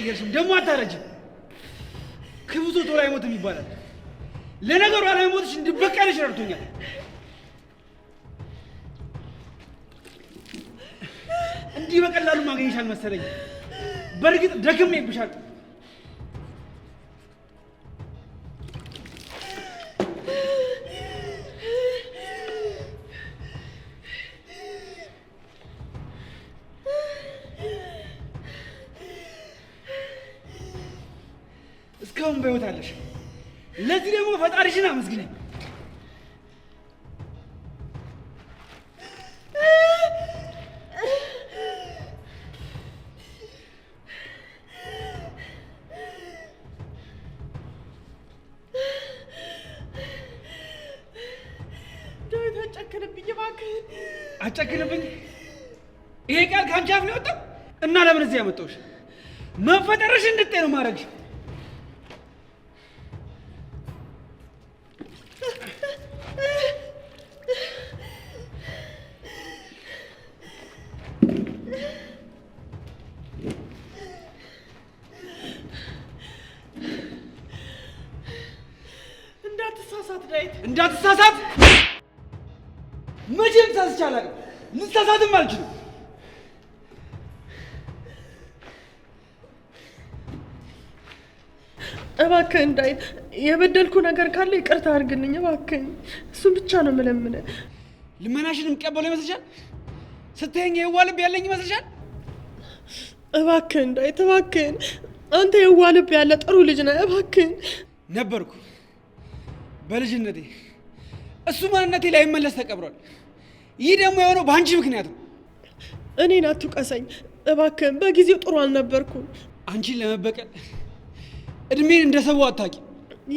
አልተቀየርሽም፣ ደግሞ አታረጅም። ክብቶ ቶሎ አይሞትም ይባላል። ለነገሩ አለመሞትሽ እንድበቀልሽ ረድቶኛል። እንዲህ በቀላሉ ማግኘሽ አልመሰለኝም። በእርግጥ ደክሜብሻል። ለዚህ ደግሞ ፈጣሪሽን አመስግኝ። ዳዊት አጨክንብኝ፣ ይሄ ቃል ከአንቺ አፍ ነው የወጣው እና ለምን እዚህ ያመጣሁሽ? መፈጠርሽ እንድጤ ነው ማድረግሽ ልሳሳትም አልችልም። እባክህ እንዳይ የበደልኩ ነገር ካለ ይቅርታ አድርግልኝ እባክህ። እሱን ብቻ ነው ምለምነ። ልመናሽን የምቀበለው ይመስልሻል? ስትሄኝ የዋ ልብ ያለኝ ይመስልሻል? እባክህ እንዳይት፣ እባክህን አንተ የዋ ልብ ያለ ጥሩ ልጅ ነህ። እባክህን ነበርኩ በልጅነቴ። እሱ ማንነቴ ላይ መለስ ተቀብሯል። ይህ ደግሞ የሆነው በአንቺ ምክንያት ነው። እኔን አትውቀሰኝ እባክህን። በጊዜው ጥሩ አልነበርኩም። አንቺን ለመበቀል እድሜን እንደ ሰው አታቂ።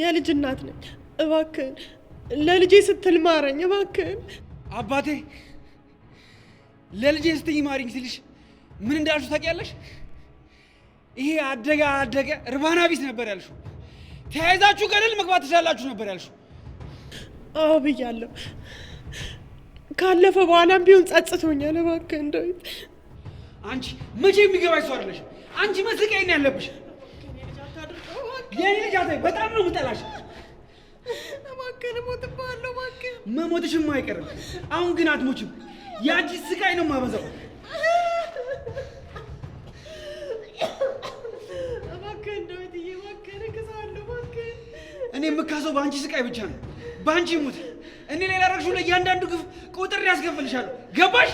የልጅ እናት ነኝ። እባክህን ለልጄ ስትል ማረኝ እባክህን። አባቴ ለልጄ ስትይ ማሪኝ ሲልሽ ምን እንዳልሽው ታውቂያለሽ? ይሄ አደገ አደገ እርባና ቢስ ነበር ያልሽው። ተያይዛችሁ ገደል መግባት ትችላላችሁ ነበር ያልሽው። አዎ ብያለሁ። ካለፈ በኋላም ቢሆን ጸጽቶኛል። እባክህ እንዳዊት፣ አንቺ መቼ የሚገባ ሰው አይደለሽም። አንቺ መስቀይን ያለብሽ የኔ ልጅ አታይ፣ በጣም ነው የምጠላሽ። እባክህን እሞትብሃለሁ። እባክህን መሞትሽም አይቀርም። አሁን ግን አትሞችም። የአንቺ ስቃይ ነው የማበዛው። እኔ የምካሰው በአንቺ ስቃይ ብቻ ነው፣ በአንቺ ሙት። እኔ ላይ ላደረግሽው ለእያንዳንዱ ግፍ ቁጥር ያስገብልሻለሁ። ገባሽ?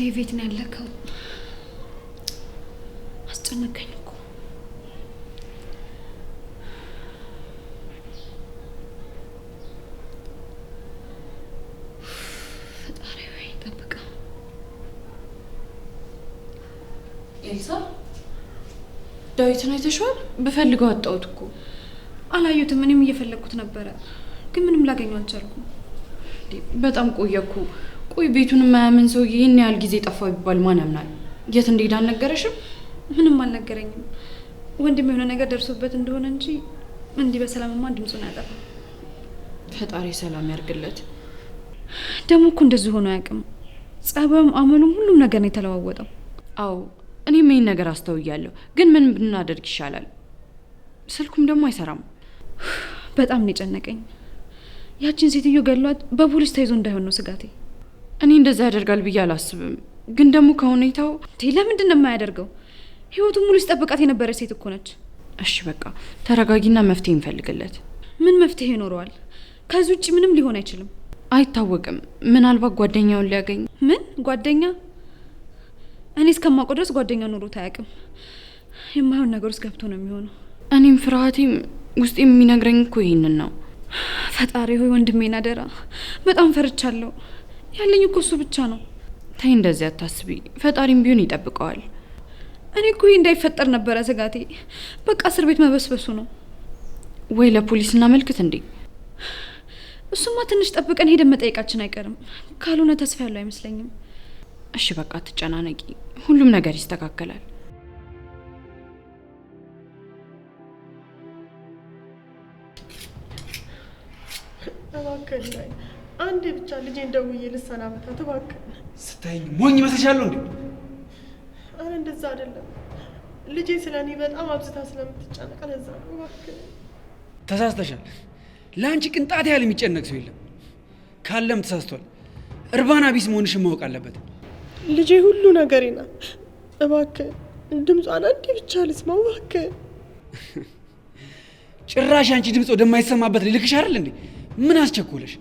ዴቭ ነው ያለከው? አስጨነቀኝ እኮ። ፈጣሪ ወይ ጠብቃ። ኤልሳ ዳዊትን አይተሽዋል? ብፈልገው አጣሁት እኮ አላየሁትም። እኔም እየፈለግኩት ነበረ፣ ግን ምንም ላገኘው አልቻልኩም። በጣም ቆየኩ? እኮ ቆይ ቤቱን የማያምን ሰውዬ ይህን ያህል ጊዜ ጠፋ ቢባል ማን ያምናል? የት እንደሄደ አልነገረሽም? ምንም አልነገረኝም። ወንድም የሆነ ነገር ደርሶበት እንደሆነ እንጂ እንዲህ በሰላምማ ድምፁን አያጠፋም። ፈጣሪ ሰላም ያርግለት። ደግሞ እኮ እንደዚህ ሆኖ አያውቅም። ጸባዩም፣ አመሉም፣ ሁሉም ነገር ነው የተለዋወጠው። አዎ እኔም ይህን ነገር አስተውያለሁ። ግን ምን ብናደርግ ይሻላል? ስልኩም ደግሞ አይሰራም። በጣም ነው የጨነቀኝ። ያችን ሴትዮ ገሏት በፖሊስ ተይዞ እንዳይሆን ነው ስጋቴ። እኔ እንደዛ ያደርጋል ብዬ አላስብም። ግን ደግሞ ከሁኔታው ለምንድን ነው የማያደርገው? ህይወቱ ሙሉ ሲጠብቃት የነበረች ሴት እኮ ነች። እሺ በቃ ተረጋጊና መፍትሄ እንፈልግለት። ምን መፍትሄ ይኖረዋል? ከዚህ ውጭ ምንም ሊሆን አይችልም። አይታወቅም። ምናልባት ጓደኛውን ሊያገኝ። ምን ጓደኛ? እኔ እስከማውቀው ድረስ ጓደኛ ኑሮት አያውቅም። የማይሆን ነገር ውስጥ ገብቶ ነው የሚሆነው። እኔም ፍርሃቴም ውስጥ የሚነግረኝ እኮ ይህንን ነው። ፈጣሪ ሆይ ወንድሜን አደራ፣ በጣም ፈርቻለሁ። ያለኝ እኮ እሱ ብቻ ነው። ተይ እንደዚህ አታስቢ፣ ፈጣሪም ቢሆን ይጠብቀዋል። እኔ እኮ እንዳይፈጠር ነበረ ስጋቴ። በቃ እስር ቤት መበስበሱ ነው። ወይ ለፖሊስ እናመልክት እንዴ? እሱማ ትንሽ ጠብቀን ሄደን መጠየቃችን አይቀርም። ካልሆነ ተስፋ ያለው አይመስለኝም። እሺ በቃ ትጨናነቂ ሁሉም ነገር ይስተካከላል። እባክህ አንዴ ብቻ ልጄን ደውዬ ልሰናበታት እባክህ። ስታይኝ ሞኝ እመስልሻለሁ እንዴ? አረ እንደዛ አይደለም። ልጄ ስለ እኔ በጣም አብዝታ ስለምትጨነቅ ለዛ ነው። እባክህ ተሳስተሻል። ለአንቺ ቅንጣት ያህል የሚጨነቅ ሰው የለም። ካለም ተሳስቷል። እርባና ቢስ መሆንሽን ማወቅ አለበት። ልጄ ሁሉ ነገሬ ናት። እባክህ ድምጿን አንዴ ብቻ ልስማው እባክህ። ጭራሽ አንቺ ድምፅ ወደማይሰማበት ልልክሽ አይደል እንዴ? ምን አስቸኮለሽ?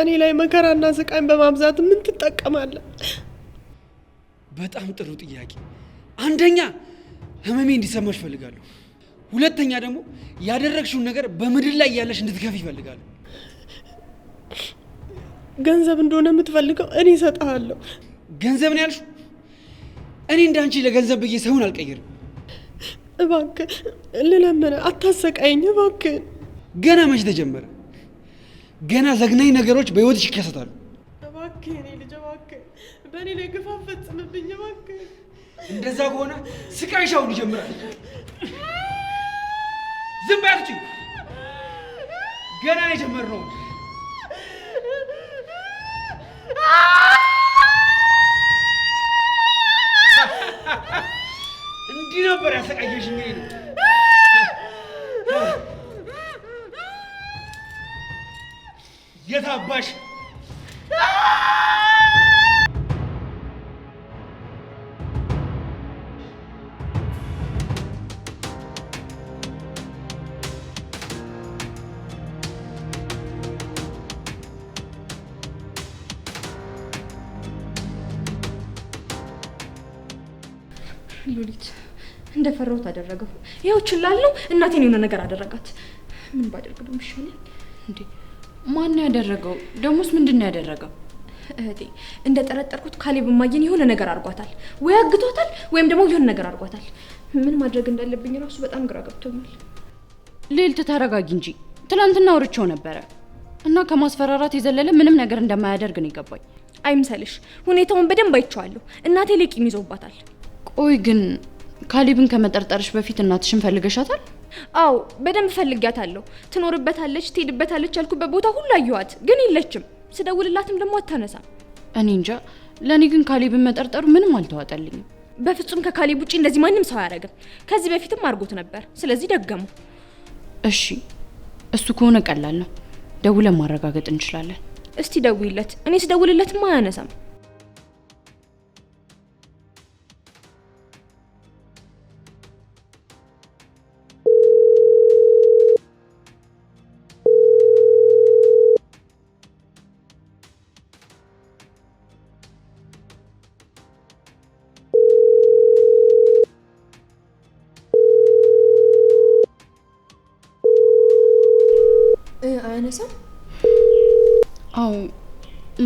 እኔ ላይ መከራና ስቃይን በማብዛት ምን ትጠቀማለህ? በጣም ጥሩ ጥያቄ። አንደኛ ህመሜ እንዲሰማሽ እፈልጋለሁ። ሁለተኛ ደግሞ ያደረግሽውን ነገር በምድር ላይ ያለሽ እንድትከፊ ይፈልጋሉ። ገንዘብ እንደሆነ የምትፈልገው እኔ እሰጥሃለሁ። ገንዘብ ነው ያልሽው? እኔ እንዳንቺ ለገንዘብ ብዬ ሰውን አልቀይርም። እባክህ ልለምነ፣ አታሰቃየኝ እባክህ። ገና መች ተጀመረ? ገና ዘግናኝ ነገሮች በህይወትሽ ይከሰታሉ። እባክህ ልጅ እባክህ በእኔ ላይ ፈጽምብኝ እባክህ። እንደዛ ከሆነ ስቃይሽ አሁን ይጀምራል። ዝም ባያች ገና የጀመርነው እንዲህ ነበር ያሰቃየሽ ነው የታባሽ ሉሊት እንደፈራሁት አደረገው። ይኸው ችላለው። እናቴን የሆነ ነገር አደረጋት። ምን ባደርግ ነው የሚሻለኝ እንዴ? ማን ያደረገው? ደሞስ ምንድን ነው ያደረገው? እህቴ እንደ ጠረጠርኩት ካሌብ እማዬን የሆነ ነገር አድርጓታል፣ ወይ አግቷታል፣ ወይም ደግሞ የሆነ ነገር አድርጓታል። ምን ማድረግ እንዳለብኝ ራሱ በጣም ግራ ገብቶኛል። ልዕልት ተረጋጊ እንጂ ትናንትና አውርቼው ነበረ እና ከማስፈራራት የዘለለ ምንም ነገር እንደማያደርግ ነው የገባኝ። አይምሰልሽ፣ ሁኔታውን በደንብ አይቼዋለሁ። እናቴ ሌቂም ይዞባታል። ቆይ ግን ካሊብን ከመጠርጠርሽ በፊት እናትሽን ፈልገሻታል? አዎ በደንብ ፈልጊያታለሁ። ትኖርበታለች፣ ትሄድበታለች ያልኩበት ቦታ ሁሉ አየኋት፣ ግን የለችም። ስደውልላትም ደግሞ አታነሳም። እኔ እንጃ። ለእኔ ግን ካሌብን መጠርጠሩ ምንም አልተዋጠልኝም። በፍጹም ከካሌብ ውጭ እንደዚህ ማንም ሰው አያደርግም። ከዚህ በፊትም አድርጎት ነበር፣ ስለዚህ ደገሙ። እሺ እሱ ከሆነ ቀላል ነው፣ ደውለን ማረጋገጥ እንችላለን። እስቲ ደውይለት። እኔ ስደውልለትም አያነሳም።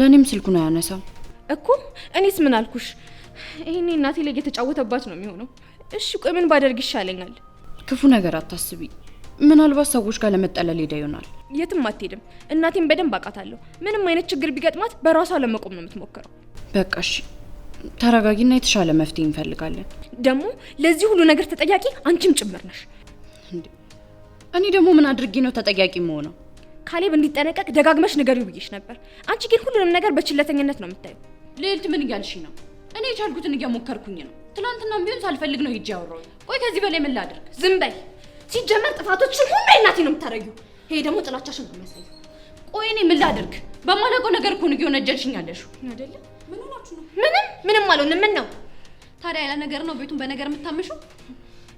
ለእኔም ስልኩን አያነሳም እኮ። እኔስ ምን አልኩሽ? ይህኔ እናቴ ላይ እየተጫወተባት ነው የሚሆነው። እሺ ቆይ ምን ባደርግ ይሻለኛል? ክፉ ነገር አታስቢ። ምናልባት ሰዎች ጋር ለመጠለል ሄዳ ይሆናል። የትም አትሄድም። እናቴን በደንብ አውቃታለሁ። ምንም አይነት ችግር ቢገጥማት በራሷ ለመቆም ነው የምትሞክረው። በቃ እሺ፣ ተረጋጊና የተሻለ መፍትሄ እንፈልጋለን። ደግሞ ለዚህ ሁሉ ነገር ተጠያቂ አንቺም ጭምር ነሽ። እኔ ደግሞ ምን አድርጌ ነው ተጠያቂ መሆነው? ካሌብ እንዲጠነቀቅ ደጋግመሽ ንገሪው ብዬሽ ነበር። አንቺ ግን ሁሉንም ነገር በችለተኝነት ነው የምታዩ። ልዕልት ምን እያልሽ ነው? እኔ የቻልኩትን እያሞከርኩኝ ነው። ትናንትናም ቢሆን ሳልፈልግ ነው ሂጅ ያወራው። ቆይ ከዚህ በላይ ምን ላድርግ? ዝም በይ። ሲጀመር ጥፋቶችን ሁሉ እናቴ ነው የምታረጊው። ይሄ ደግሞ ጥላቻሽን ነው የሚያሳየው። ቆይ እኔ ምን ላድርግ? በማላውቀው ነገር እኮ ነው ነጀልሽኝ ያለሽው አይደለ? ምን ሆናችሁ ነው? ምንም ምንም አልሆንም። ምን ነው ታዲያ? ያለ ነገር ነው ቤቱን በነገር የምታምሹ?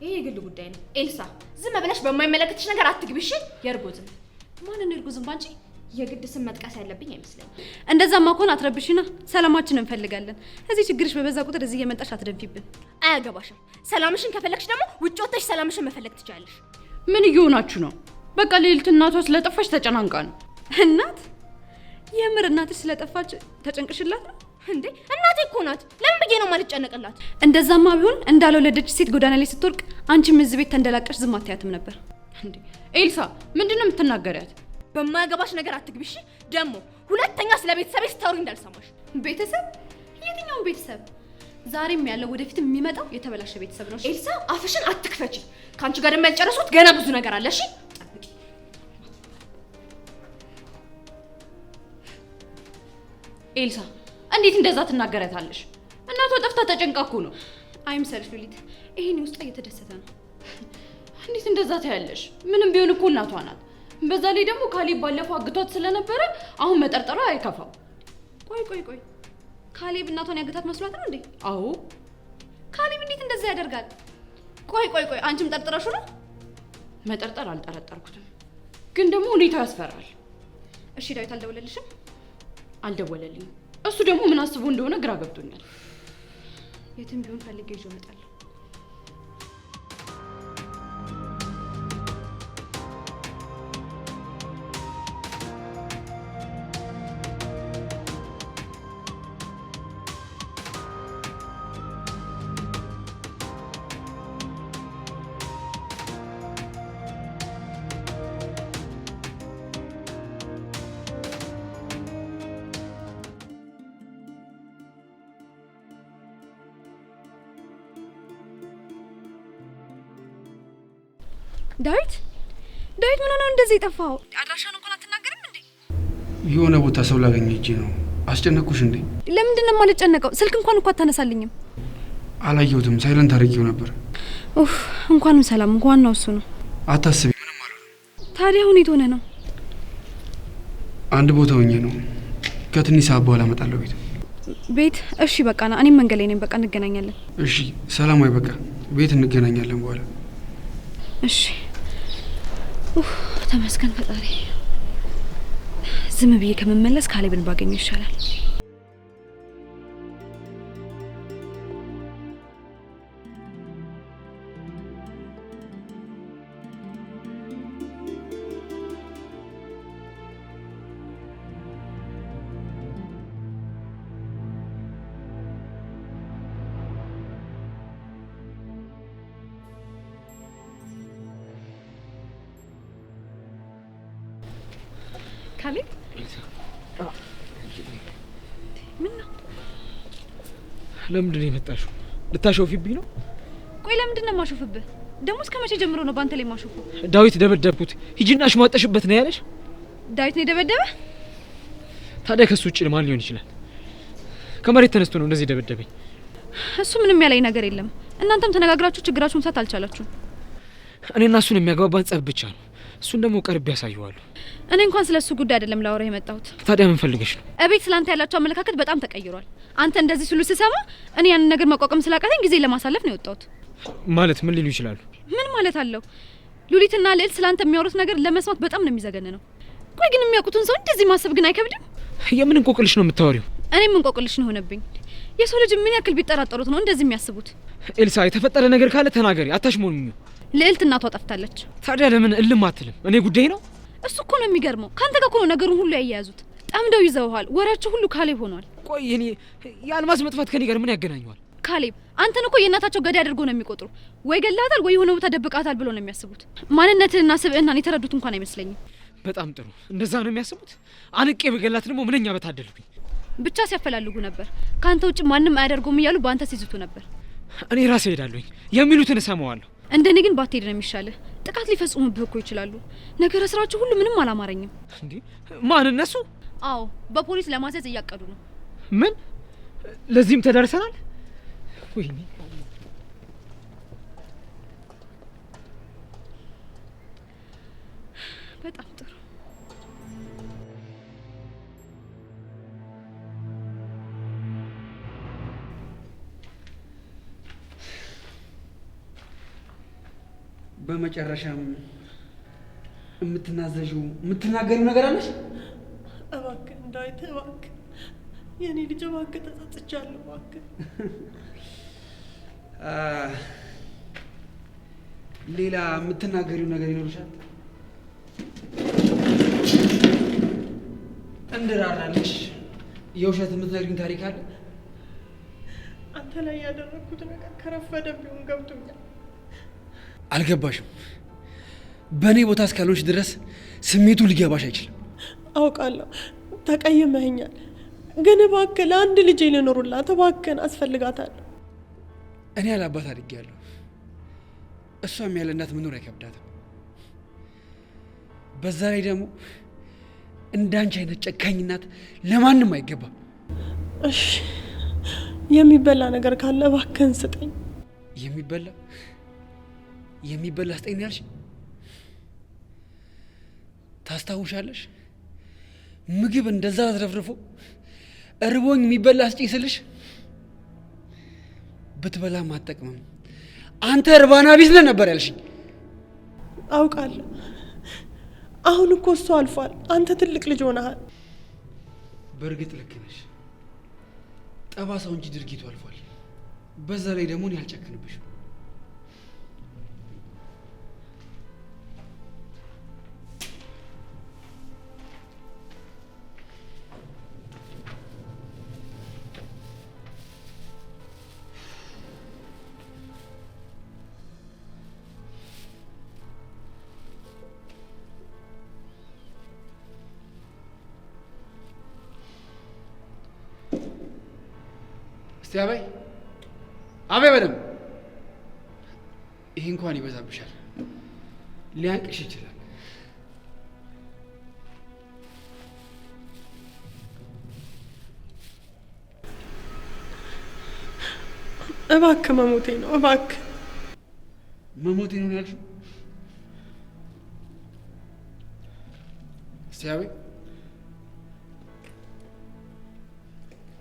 ይሄ የግል ጉዳይ ነው። ኤልሳ ዝም ብለሽ በማይመለከትሽ ነገር አትግብሽ። የእርጎዝም ማንን እርጉዝም ባንቺ የግድ ስም መጥቀስ ያለብኝ አይመስለኝም። እንደዛማ ከሆነ አትረብሽና ሰላማችን እንፈልጋለን። እዚህ ችግርሽ በበዛ ቁጥር እዚህ እየመጣሽ አትደንፊብን። አያገባሽም። ሰላምሽን ከፈለግሽ ደግሞ ውጭ ወጥተሽ ሰላምሽን መፈለግ ትችላለሽ። ምን እየሆናችሁ ነው? በቃ ሌሊት እናቷ ስለጠፋች ተጨናንቃ ነው። እናት የምር እናትሽ ስለጠፋች ተጨንቅሽላት ነው እንዴ? እናቴ እኮ ናት። ለምን ብዬ ነው ማልጨነቅላት? እንደዛማ ቢሆን ለደች ሴት ጎዳና ላይ ስትወርቅ አንቺም እዚህ ቤት ተንደላቀሽ ዝም አትያትም ነበር። እንዴ ኤልሳ ምንድን ነው የምትናገሪያት? በማያገባሽ ነገር አትግቢሽ። ደግሞ ሁለተኛ ስለ ቤተሰብ ስታወሪ እንዳልሰማሽ። ቤተሰብ? የትኛውን ቤተሰብ? ዛሬም ያለው ወደፊት የሚመጣው የተበላሸ ቤተሰብ ነው። ኤልሳ አፍሽን አትክፈች። ከአንቺ ጋር ደግሞ ያልጨረሱት ገና ብዙ ነገር አለ። እሺ ኤልሳ እንዴት እንደዛ ትናገረታለሽ? እናቷ ጠፍታ ተጨንቃኩ ነው። አይምሰልሽ ሉሊት፣ ይሄን ውስጧ እየተደሰተ ነው እንዴት እንደዛ ታያለሽ? ምንም ቢሆን እኮ እናቷ ናት። በዛ ላይ ደግሞ ካሌብ ባለፈው አግቷት ስለነበረ አሁን መጠርጠሯ አይከፋም። ቆይ ቆይ ቆይ ካሌብ እናቷን ያገታት መስሏት ነው እንዴ? አዎ። ካሌብ እንዴት እንደዛ ያደርጋል? ቆይ ቆይ ቆይ አንቺም ጠርጥረሹ ነው? መጠርጠር አልጠረጠርኩትም፣ ግን ደግሞ ሁኔታው ያስፈራል። እሺ ዳዊት አልደወለልሽም? አልደወለልኝም። እሱ ደግሞ ምን አስቦ እንደሆነ ግራ ገብቶኛል። የትም ቢሆን ፈልጌ ይዤው እመጣለሁ። ዳዊት ዳዊት ምን ሆነው እንደዚህ የጠፋው? አድራሻን እንኳን አትናገርም እንዴ? የሆነ ቦታ ሰው ላገኘ እጄ ነው። አስጨነቅኩሽ እንዴ? ለምንድን ነው የማልጨነቀው? ስልክ እንኳን እኮ አታነሳልኝም። አላየሁትም፣ ሳይለንት አድርጌው ነበር። ኡፍ፣ እንኳንም ሰላም። ነው እሱ ነው። አታስቢ፣ ምንም አልሆነም። ታዲያ ሁኔት ሆነ ነው? አንድ ቦታ ሆኜ ነው። ከትንሽ ሰዓት በኋላ እመጣለሁ ቤት ቤት። እሺ፣ በቃ ና። እኔም መንገድ ላይ ነኝ። በቃ እንገናኛለን። እሺ፣ ሰላማዊ። በቃ ቤት እንገናኛለን በኋላ። እሺ ተመስገን ፈጣሪ። ዝም ብዬ ከመመለስ ካሌብን ባገኘው ይሻላል። ለምንድን ነው የመጣሽው? ልታሾፊብኝ ነው? ቆይ ለምንድን ነው የማሾፍብህ? ደግሞ እስከ መቼ ጀምሮ ነው በአንተ ላይ የማሾፉ? ዳዊት ደበደብኩት፣ ሂጂና ሽሟጠሽበት ነው ያለሽ? ዳዊት ነው የደበደበ? ታዲያ ከሱ ውጭ ማን ሊሆን ይችላል? ከመሬት ተነስቶ ነው እንደዚህ ደበደበኝ። እሱ ምንም ያላይ ነገር የለም። እናንተም ተነጋግራችሁ ችግራችሁን መፍታት አልቻላችሁም። እኔና እሱን የሚያግባባን ጸብ ብቻ ነው። እሱን ደግሞ ቀርብ ያሳየዋሉ። እኔ እንኳን ስለ እሱ ጉዳይ አይደለም ላወራ የመጣሁት። ታዲያ ምን ፈልገሽ ነው? እቤት ስላንተ ያላቸው አመለካከት በጣም ተቀይሯል። አንተ እንደዚህ ስሉ ስሰማ እኔ ያንን ነገር መቋቋም ስላቃተኝ ጊዜ ለማሳለፍ ነው የወጣሁት። ማለት ምን ሊሉ ይችላሉ? ምን ማለት አለው? ሉሊትና ልዕል ስለአንተ የሚያወሩት ነገር ለመስማት በጣም ነው የሚዘገን ነው። ቆይ ግን የሚያውቁትን ሰው እንደዚህ ማሰብ ግን አይከብድም? የምን እንቆቅልሽ ነው የምታወሪው? እኔም እንቆቅልሽ ነው ሆነብኝ? የሰው ልጅ ምን ያክል ቢጠራጠሩት ነው እንደዚህ የሚያስቡት? ኤልሳ የተፈጠረ ነገር ካለ ተናገሪ፣ አታሽሞኑኝ። ልዕልት እናቷ ጠፍታለች። ታዲያ ለምን እልም አትልም? እኔ ጉዳይ ነው። እሱ እኮ ነው የሚገርመው። ከአንተ ጋር እኮ ነው ነገሩን ሁሉ ያያያዙት። ጠምደው ይዘውሃል። ወሬያቸው ሁሉ ካሌብ ሆኗል። ቆይ እኔ የአልማዝ መጥፋት ከኔ ጋር ምን ያገናኘዋል? ካሌብ አንተን እኮ የእናታቸው ገዳይ አድርጎ ነው የሚቆጥሩ። ወይ ገላታል ወይ የሆነ ቦታ ደብቃታል ብሎ ነው የሚያስቡት። ማንነትንና ስብዕናን የተረዱት እንኳን አይመስለኝም። በጣም ጥሩ። እንደዛ ነው የሚያስቡት። አንቄ በገላት ደግሞ ምንኛ በታደልኩኝ። ብቻ ሲያፈላልጉ ነበር። ከአንተ ውጭ ማንም አያደርገውም እያሉ በአንተ ሲዝቱ ነበር። እኔ ራሴ ሄዳለሁኝ የሚሉትን እሰማዋለሁ። እንደኔ ግን ባትሄድ ነው የሚሻለ ጥቃት ሊፈጽሙብህ እኮ ይችላሉ። ነገረ ስራቸው ሁሉ ምንም አላማረኝም። እንዴ ማን እነሱ? አዎ በፖሊስ ለማስያዝ እያቀዱ ነው። ምን? ለዚህም ተደርሰናል። ወይኔ በጣም ጥሩ በመጨረሻም የምትናዘዥው የምትናገሪው ነገር አለሽ? እባክህ እንዳይተ እባክህ የእኔ ልጅ እባክህ ተጸጽቻለሁ፣ እባክህ ሌላ የምትናገሪው ነገር ይኖርሻል? እንድራራለሽ የውሸት የምትነግሪኝ ታሪክ አለ? አንተ ላይ ያደረግኩት ነገር ከረፈደ ቢሆን ገብቶኛል። አልገባሽም። በእኔ ቦታ እስካልሆንሽ ድረስ ስሜቱ ሊገባሽ አይችልም። አውቃለሁ፣ ተቀይመኸኛል። ግን እባክህ ለአንድ ልጄ ልኖሩላት እባክህን፣ አስፈልጋታለሁ። እኔ ያላባት አድጌያለሁ። እሷም ያለ እናት መኖር አይከብዳትም። በዛ ላይ ደግሞ እንዳንቺ አይነት ጨካኝ እናት ለማንም አይገባም። እሺ፣ የሚበላ ነገር ካለ እባክህን ስጠኝ። የሚበላ የሚበላ ስጠኝ ያልሽ ታስታውሻለሽ? ምግብ እንደዛ ዝረፍርፎ እርቦኝ የሚበላ ስጪኝ ስልሽ ብትበላም አትጠቅምም አንተ እርባና ቢስ ነህ ነበር ያልሽኝ። አውቃለሁ። አሁን እኮ እሱ አልፏል። አንተ ትልቅ ልጅ ሆነሃል። በእርግጥ ልክ ነሽ። ጠባሳው እንጂ ድርጊቱ አልፏል። በዛ ላይ ደግሞ እኔ አልጨክንብሽም። እስቲ አበይ አበይ በደም ይሄ እንኳን ይበዛብሻል፣ ሊያንቅሽ ይችላል። እባክህ መሞቴ ነው፣ እባክ መሞቴ ነው እባክ መሞቴ ነው ያልሽው እስቲ አበይ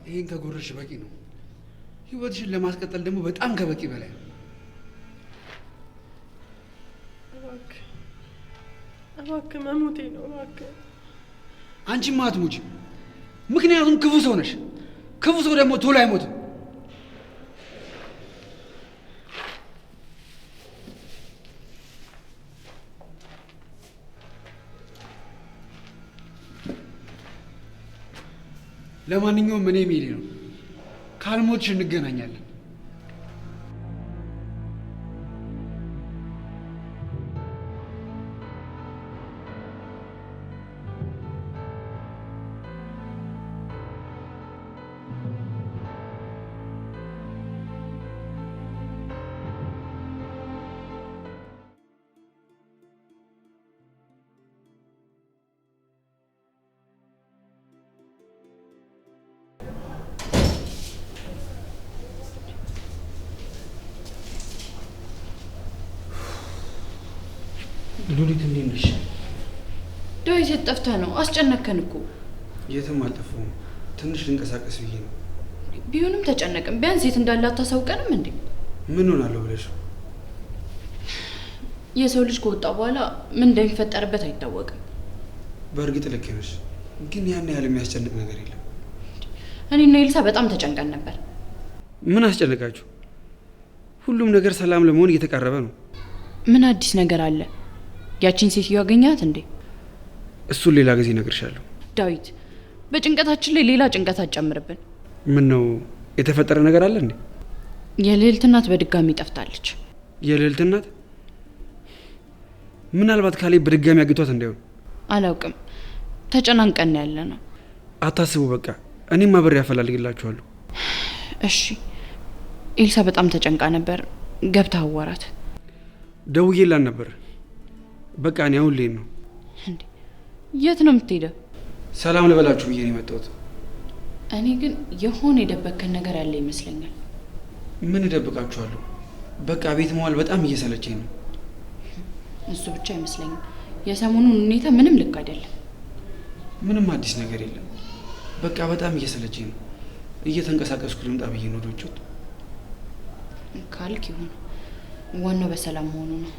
ይህን ከጎረሽ በቂ ነው። ህይወትሽን ለማስቀጠል ደግሞ በጣም ከበቂ በላይ ነው። እባክህ መሞቴ ነው እባክህ። አንቺማ አትሞች፣ ምክንያቱም ክፉ ሰው ነሽ። ክፉ ሰው ደግሞ ቶሎ አይሞትም። ለማንኛውም እኔ የሚሄድ ነው ካልሞች እንገናኛለን። የት ጠፍተህ ነው? አስጨነከን እኮ። የትም አልጠፋሁም። ትንሽ ልንቀሳቀስ ብዬ ነው። ቢሆንም ተጨነቅም። ቢያንስ የት እንዳለ አታሳውቀንም እንዴ? ምን ሆናለሁ ብለሽ የሰው ልጅ ከወጣ በኋላ ምን እንደሚፈጠርበት አይታወቅም። በእርግጥ ልክ ነሽ፣ ግን ያን ያህል የሚያስጨንቅ ነገር የለም። እኔና ኤልሳ በጣም ተጨንቀን ነበር። ምን አስጨነቃችሁ? ሁሉም ነገር ሰላም ለመሆን እየተቃረበ ነው። ምን አዲስ ነገር አለ? ያቺን ሴትዮ አገኛት እንዴ? እሱን ሌላ ጊዜ ነግርሻለሁ። ዳዊት፣ በጭንቀታችን ላይ ሌላ ጭንቀት አትጨምርብን። ምን ነው የተፈጠረ ነገር አለ እንዴ? የልዕልት እናት በድጋሚ ጠፍታለች። የልዕልት እናት ምናልባት ካሌብ በድጋሚ አግቷት እንዳይሆን አላውቅም። ተጨናንቀን ያለ ነው። አታስቡ፣ በቃ እኔም አብሬ ያፈላልግላችኋለሁ። እሺ። ኤልሳ በጣም ተጨንቃ ነበር። ገብታ አዋራት። ደውዬላን ነበር። በቃ እኔ አሁን ልሄድ ነው። የት ነው የምትሄደው? ሰላም ልበላችሁ ብዬ ነው የመጣሁት። እኔ ግን የሆነ የደበቅከን ነገር ያለ ይመስለኛል። ምን እደብቃችኋለሁ? በቃ ቤት መዋል በጣም እየሰለቸኝ ነው። እሱ ብቻ አይመስለኝም። የሰሞኑን ሁኔታ ምንም ልክ አይደለም። ምንም አዲስ ነገር የለም። በቃ በጣም እየሰለቸኝ ነው። እየተንቀሳቀስኩ ልምጣ ብዬ ነው ወደ ካልክ ይሁን። ዋናው በሰላም መሆኑ ነው።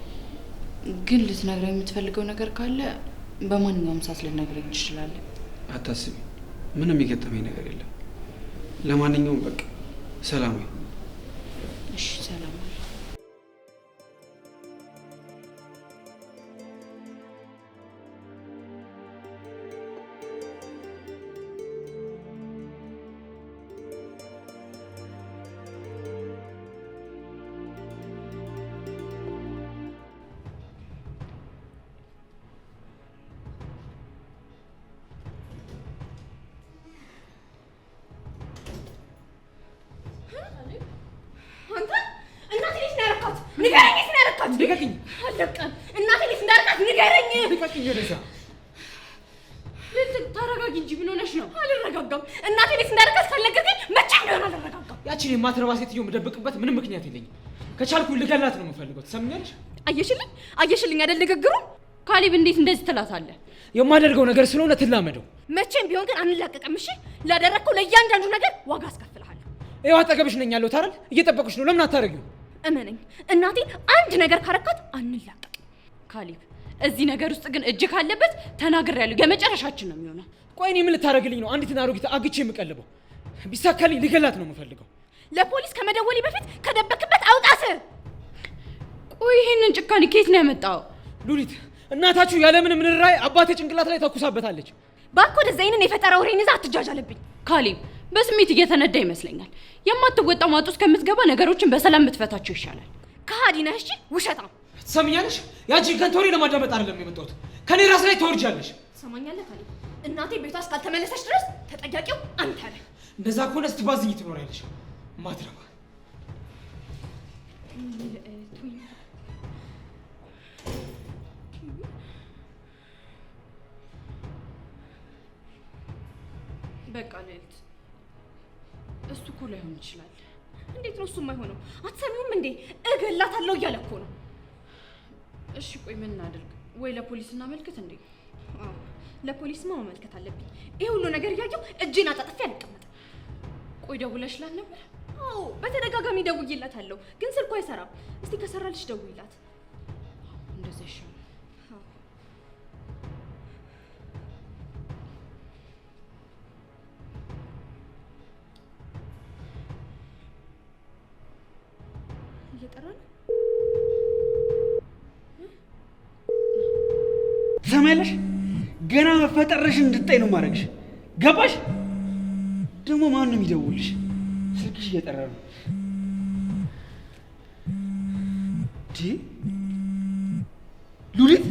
ግን ልትነግረው የምትፈልገው ነገር ካለ በማንኛውም ሰዓት ልነግረኝ ትችላለህ። አታስቢ፣ ምንም የገጠመኝ ነገር የለም። ለማንኛውም በቃ ሰላም። እሺ፣ ሰላም ልቀቅኝ! አለቀም። እናቴ ልጅ እንዳልካት ንገረኝ። ልቀቅኝ! ወደዛ ልልት ተረጋጊ እንጂ ምን ሆነሽ ነው? አልረጋጋም። እናቴ ልጅ እንዳልካት ፈለገኝ። መቼ እንደሆነ አልረጋጋም። ያችን የማትረባ ሴትዮ የምደብቅበት ምንም ምክንያት የለኝም። ከቻልኩ ልገላት ነው የምፈልገው። ትሰምኛለሽ? አየሽልኝ፣ አየሽልኝ አይደል ንግግሩ? ካሌብ እንዴት እንደዚህ ትላታለህ? የማደርገው ነገር ስለሆነ ትላመደው። መቼም ቢሆን ግን አንላቀቅም። እሺ፣ ላደረግከው ለእያንዳንዱ ነገር ዋጋ አስከፍልሃለሁ። ይኸው አጠገብሽ ነኝ ያለሁት አይደል? እየጠበቅሽ ነው። ለምን አታደርጊው? እመነኝ፣ እናቴን አንድ ነገር ካረካት አንላቀቅ። ካሊብ፣ እዚህ ነገር ውስጥ ግን እጅ ካለበት ተናግር ያለው የመጨረሻችን ነው የሚሆነው። ቆይ እኔ ምን ልታደርግልኝ ነው? አንዲትን አሮጊት አግቼ የምቀልበው? ቢሳካልኝ ልገላት ነው የምፈልገው። ለፖሊስ ከመደወሌ በፊት ከደበክበት አውጣ ስር። ቆይ ይህንን ጭካኔ ከየት ነው ያመጣው? ሉሊት፣ እናታችሁ ያለምን ምንራይ አባቴ ጭንቅላት ላይ ተኩሳበታለች። ባኮ ደዛይንን የፈጠረው ሬን ይዛ አትጃጃለብኝ ካሌብ በስሜት እየተነዳ ይመስለኛል። የማትወጣ ማጡ ውስጥ ከምትገባ ነገሮችን በሰላም ብትፈታቸው ይሻላል። ከሀዲ ነህ። እሺ ውሸታም። ትሰምኛለሽ? ያቺን ከንቱ ለማዳመጥ አይደለም የመጣሁት። ከኔ ራስ ላይ ተወርጃለሽ። ትሰማኛለህ? ካሌብ እናቴ ቤቷ እስካልተመለሰች ድረስ ተጠያቂው አንተ ነህ። እንደዛ ከሆነ ስትባዝኝ ትኖሪያለሽ። ማትረባ በቃ ልዕልት እሱ እኮ ላይሆን ይችላል። እንዴት ነው እሱ የማይሆነው? አትሰሙም እንዴ? እገላታለሁ እያለ እኮ ነው። እሺ ቆይ ምን እናደርግ? ወይ ለፖሊስ እናመልከት እንዴ? ለፖሊስማ ማመልከት አለብኝ። ይሄ ሁሉ ነገር እያየሁ እጄን አጣጥፌ አልቀመጥም። ቆይ ደውለሽላት ነበር? አዎ በተደጋጋሚ ደውዬላታለሁ፣ ግን ስልኩ አይሰራም። እስቲ ከሰራልሽ ደውይላት። እንደዚህ ይሻላል። እየጠራ ነው። ገና መፈጠርሽን እንድታይ ነው ማድረግሽ። ገባሽ? ደግሞ ማን ነው የሚደውልሽ? ስልክሽ እየጠራ ነው። እንዴ? ሉሊት